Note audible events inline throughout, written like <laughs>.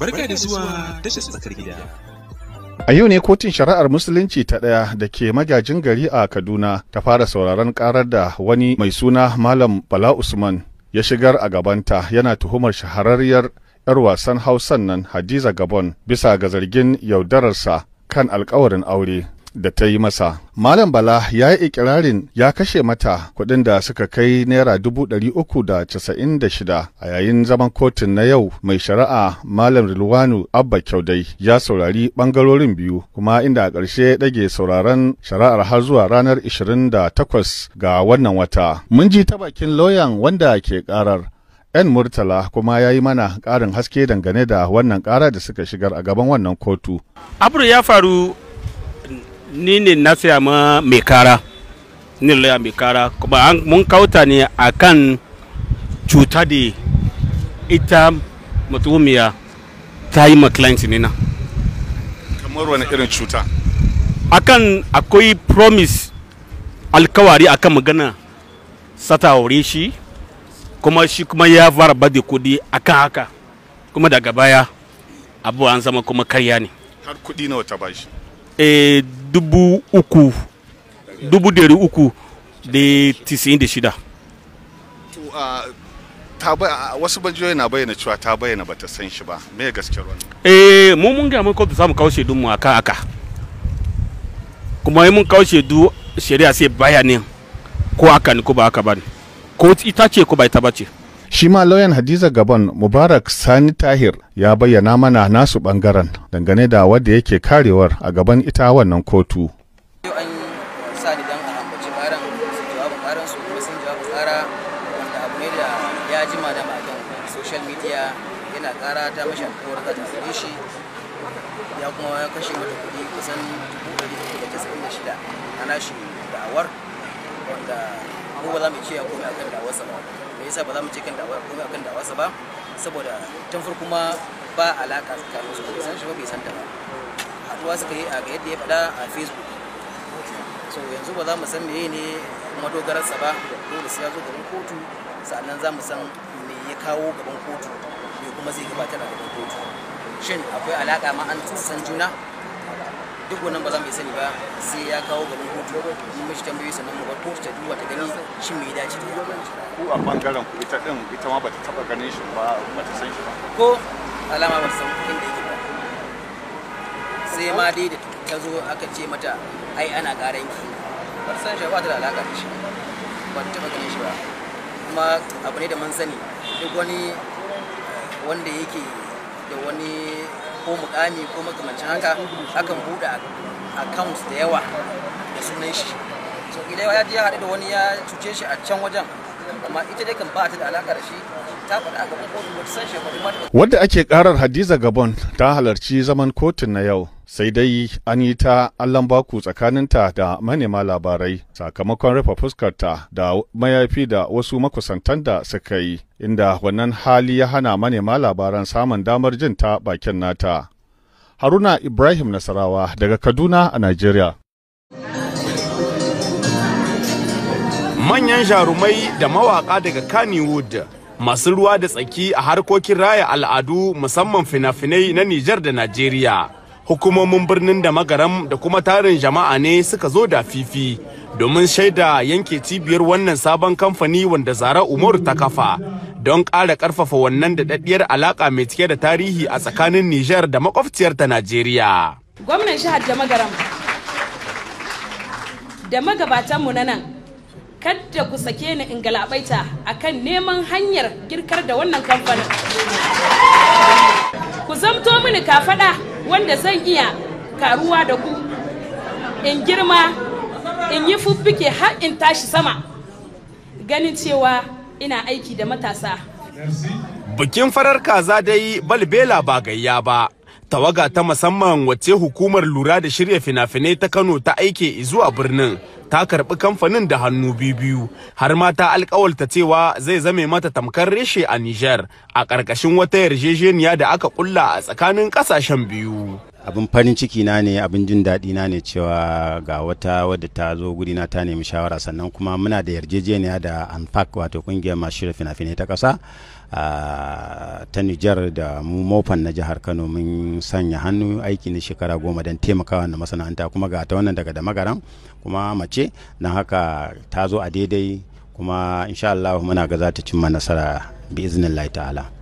Barka A yau ne kotun shari'ar musulunci ta ɗaya da ke magajin gari a Kaduna ta fara sauraron ƙarar da wani mai suna Malam Bala Usman ya shigar a gabanta yana tuhumar shahararriyar 'yar wasan Hausan nan Hadiza Gabon bisa ga zargin yaudararsa kan alkawarin aure. da ta yi masa. Malam Bala ya yi ikirarin ya kashe mata kuɗin da suka kai naira dubu ɗari uku da casa'in da shida a yayin zaman kotun na yau mai shari'a Malam Rilwanu Abba Kyaudai ya saurari ɓangarorin biyu kuma inda a ƙarshe ya ɗage sauraron shari'ar har zuwa ranar 28 ga wannan wata. Mun ji ta bakin lauyan wanda ke ƙarar. 'yan murtala kuma ya yi mana ƙarin haske dangane da wannan ƙara da suka shigar a gaban wannan kotu. Abu ya faru ni ne na saya ma mai kara ni laya mai kara kuma mun kauta ne akan cuta da ita mutumiya ta yi client ne na kamar wani irin cuta akan akwai promise alkawari akan magana sata wuri shi kuma shi kuma ya fara bada kudi akan haka kuma daga baya abu an zama kuma karya ne har kudi na wata bashi eh dubu uku dubu dari uku da tisi da shida wasu banjoyi na bayyana cewa ta bayyana ba ta san shi ba me gaskiyar ruwan eh mu mun ga mun kotu samu kawo shedu mu aka aka kuma mun kawo shedu shari'a sai bayanin ko aka ni ko ba aka ba ne ko ita ce ko ba ita ba ce Shi ma lauyan Hadiza gaban Mubarak Sani Tahir ya bayyana mana nasu bangaren dangane da wadda yake karewar a gaban ita wannan kotu. yau ya jima da magan social media yana kara ta mashi alkawar za ta tsare shi ya kuma ya kashe mata kuɗi kusan 196 a nashi wanda mu ba za mu ce ya komai akan dawarsa ba me yasa ba za mu ce kan dawar komai akan dawarsa ba saboda tun farko ma ba alaka tsakanin su bai san shi ba bai san ta ba haduwa suka yi a ga yadda ya faɗa a facebook so yanzu ba za mu san meye ne madogararsa ba dole sai ya zo gaban kotu sannan za mu san me ya kawo gaban kotu me kuma zai gabatar a gaban kotu shin akwai alaka ma an san juna duk wannan ba za mu yi sani ba sai ya kawo ga hutu mun mishi tambayoyi sannan mu ko ta duba ta gani shin me dace da Ko a bangaren ku ita din ita ma bata taba ganin shi ba ba ta san shi ba ko alama ba san da yake ba sai ma dai da ta zo aka ce mata ai ana garan ki ba san shi ba ta da alaka da shi ba ta taba ganin shi ba kuma abu ne da mun sani duk wani eh, wanda yake da wani ko mukami ko makamancin haka akan buɗe accounts da yawa da sunan shi so idan ya je ya haɗu da wani ya cuce shi a can wajen amma ita dai kan ba ta da alaƙa da shi wadda ake karar hadiza gabon ta halarci zaman kotun na yau sai dai an yi ta allon baku tsakaninta da manema labarai sakamakon rufe fuskarta da mayafi da wasu makusantan da suka yi inda wannan hali ya hana manema labaran samun damar jin ta bakin nata haruna ibrahim nasarawa daga kaduna a Najeriya. manyan jarumai da mawaka daga Kannywood masu ruwa da tsaki a harkokin raya al'adu musamman fina-finai na Nijar da Najeriya. Hukumomin birnin da magaram da kuma tarin jama'a ne suka zo da fifi domin shaida yanke cibiyar wannan sabon kamfani wanda Zara Umar ta kafa don ƙara ƙarfafa wannan daɗaɗɗiyar alaƙa mai cike da tarihi a tsakanin Nijar da makwabciyar ta Najeriya. Gwamnan shahar da magaram da magabatanmu na nan kadda ku sake ni in galabaita akan neman hanyar girkar da wannan kamfanin ku zamto mini kafada wanda zan iya karuwa da ku in girma in yi fuffike har in tashi sama ganin cewa ina aiki da matasa bikin farar kaza dai balbela ba gayya ba tawaga ta musamman wace hukumar lura da shirya fina-finai ta kano ta aike zuwa birnin ta karbi kamfanin da hannu biyu har ma ta alkawalta cewa zai zame mata tamkar reshe a Nijar a ƙarƙashin wata yarjejeniya da aka kulla a tsakanin ƙasashen biyu abin farin ciki na ne abin jin daɗi na ne cewa ga wata wadda ta zo guri na ta nemi shawara sannan kuma muna da yarjejeniya da anfac wato ƙungiyar masu shirya fina-finai ta ƙasa ta nijar da mu mofan na jihar kano mun sanya hannu aiki na shekara goma don taimakawa na masana'anta kuma ga ta wannan daga da magaran kuma mace don haka ta zo a daidai kuma insha Allah muna ga za ta cimma nasara bi iznin ta'ala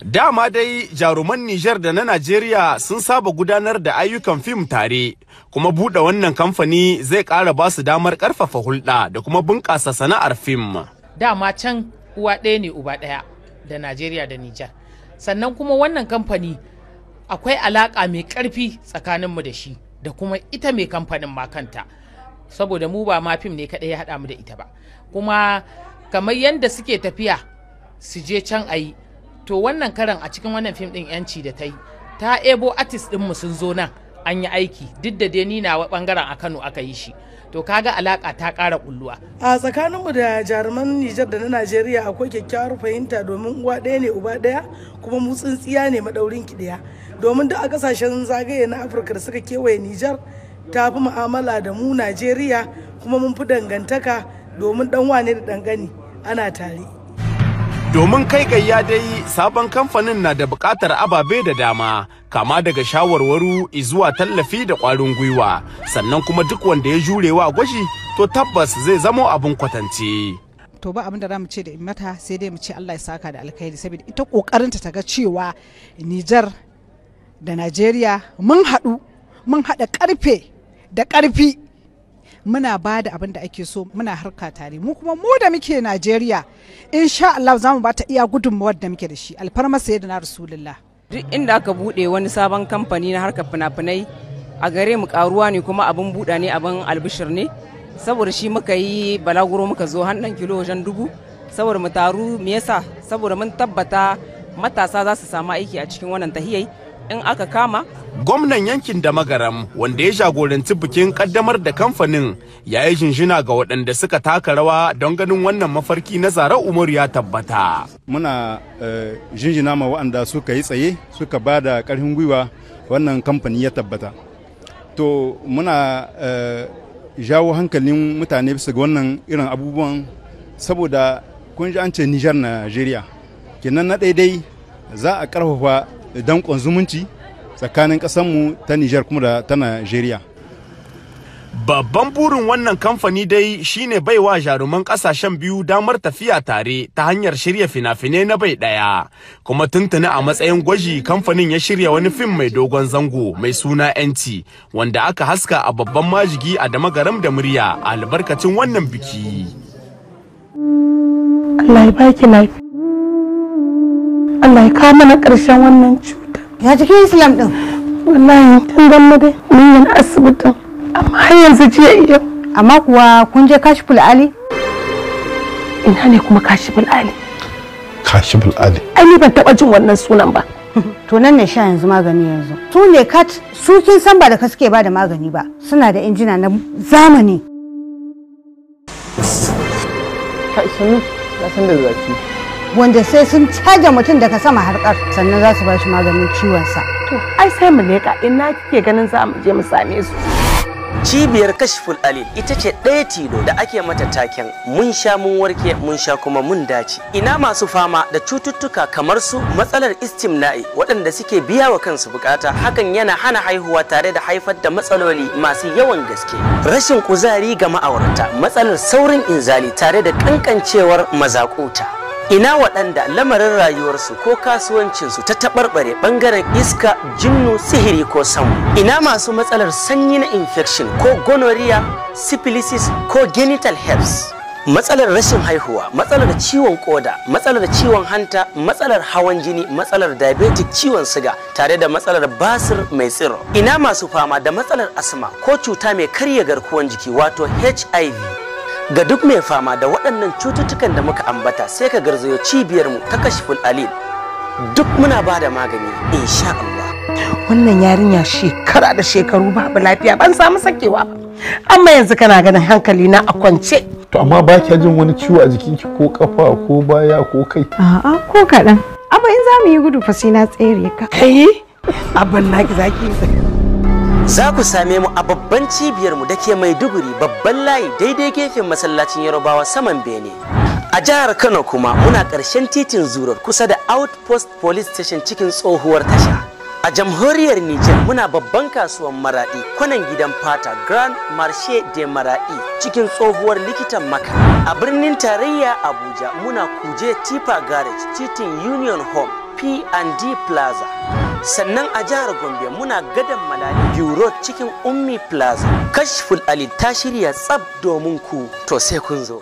Dama dai jaruman Nijar da na Najeriya sun saba gudanar da ayyukan fim tare, kuma buɗe wannan kamfani zai ƙara ba su damar ƙarfafa hulɗa da kuma bunƙasa sana'ar fim. Dama can uwa ɗaya ne uba ɗaya da Najeriya da Nijar. Sannan kuma wannan kamfani akwai alaƙa mai ƙarfi tsakaninmu da shi da kuma ita mai kamfanin makanta. Saboda mu ba ma fim ne kaɗai ya haɗa mu da ita ba. Kuma kamar yadda suke tafiya su je can a yi to wannan karan a cikin wannan fim din yanci da ta yi ta ebo artist din mu sun zo nan an yi aiki duk da dai ni wa bangaren a Kano aka yi shi to kaga alaka ta kara kulluwa a tsakanin mu da jaruman Nijar da na Najeriya akwai kyakkyawar fahimta domin uwa ɗaya ne uba ɗaya kuma mu tsintsiya ne madaurin ki ɗaya domin duk a kasashen zagaye na Afirka da suka kewaye Nijar ta fi mu'amala da mu Najeriya kuma mun fi dangantaka domin ɗan wane da ɗan ana tare Domin kai gayya dai sabon kamfanin na da bukatar ababe da dama, kama daga shawarwaru zuwa tallafi da ƙwarin gwiwa, sannan kuma duk wanda ya jure wa gwashi to tabbas zai zamo abin kwatance. to ba abin da mu ce da mata sai dai mu ce Allah ya saka da alkhairi saboda ita kokarinta ta ga cewa Nijar da Najeriya mun haɗu mun haɗa karfe da karfi. muna ba da abin da ake so muna harka tare mu kuma mu da muke Najeriya insha Allah za mu ba iya gudunmawar da muke da shi alfarma na rasulullah duk inda aka bude wani sabon kamfani na harkar fina-finai a gare mu karuwa ne kuma abin buda ne abin albishir ne saboda shi muka yi balaguro muka zo hannun kilo wajen dubu saboda mu taru me yasa saboda mun tabbata matasa za su samu aiki a cikin wannan tahiyai in aka kama gwamnan yankin da magaram wanda ya jagoranci bikin kaddamar da kamfanin ya yi jinjina ga waɗanda suka taka rawa don ganin wannan mafarki na zara umaru ya tabbata muna eh, jinjina ma waɗanda suka yi tsaye suka ba da ƙarfin gwiwa wannan kamfani ya tabbata to muna eh, jawo hankalin mutane bisa ga wannan irin abubuwan saboda kun ji an ce nijar najeriya kenan na daidai za a ƙarfafa danƙon zumunci tsakanin ƙasanmu ta Nijar kuma da ta Najeriya. Babban burin wannan kamfani dai shine baiwa jaruman ƙasashen biyu damar tafiya tare ta hanyar shirya fina-finai na bai ɗaya. Kuma tuntuni a matsayin gwaji kamfanin ya shirya wani fim mai dogon zango mai suna 'yanci wanda aka haska a babban majigi a Garam da murya a albarkacin wannan biki. Allah ya baki lafiya. Allah ya kawo mana ƙarshen wannan cuta. Ya jikin Islam ɗin? Wallahi tun dan mu dai mun yi asibitin amma har yanzu jiya iya. Amma kuwa kun je Kashiful Ali? Ina ne kuma Kashiful Ali? Kashiful Ali. Ai ni ban taɓa jin wannan sunan ba. <laughs> to nan ne sha yanzu magani yanzu. Su ne kat su kin san ba da ka suke ba da magani ba suna da injina na zamani. Ka ni na san da zaki. wanda sai sun caje mutum daga sama harkar sannan za su ba shi maganin sa, To, ai sai mu leƙa ina kike ganin za mu je mu same su. Cibiyar Kashful Alil ita ce ɗaya tilo da ake mata taken mun sha mun warke mun sha kuma mun dace. Ina masu fama da cututtuka kamar su matsalar istimna'i waɗanda suke biya wa kansu bukata hakan yana hana haihuwa tare da haifar da matsaloli masu yawan gaske. Rashin kuzari ga ma'aurata matsalar saurin inzali tare da kankancewar mazakuta. ina waɗanda lamarin rayuwarsu ko kasuwancinsu ta taɓarɓare ɓangaren iska jinnu sihiri ko samu ina masu matsalar sanyi na infection ko gonorrhea syphilis ko genital herpes matsalar rashin haihuwa matsalar ciwon koda matsalar ciwon hanta matsalar hawan jini matsalar diabetic ciwon siga tare da matsalar basir mai tsiro ina masu fama da matsalar asma ko cuta mai karya garkuwan jiki wato hiv Ga duk mai fama da waɗannan cututtukan da muka ambata sai ka garzayo cibiyarmu ta kashiful alil. Duk muna ba da magani insha Allah. Wannan yarinya shekara da shekaru babu lafiya ban samu sakewa ba. Amma yanzu kana ganin hankali na a kwance. To amma ba kya jin wani ciwo a jikinki ko kafa ko baya ko kai? A'a ko kaɗan. Amma in za mu yi gudu fa sai na tsere ka. Kai abin naki zaki yi za ku same mu a babban cibiyarmu da ke maiduguri babban layi daidai gefen masallacin yarubawa saman bene a jihar kano kuma muna ƙarshen titin zurar kusa da outpost police station cikin tsohuwar tasha a jamhuriyar niger muna babban kasuwan Maraɗi kwanan gidan fata grand Marché de maradi cikin tsohuwar likitan maka a birnin tarayya abuja muna kuje tipa garage titin union home p&d plaza sannan a jihar gombe muna gadan malali bureau cikin ummi plaza kashful ali ta shirya tsab domin ku to sai kun zo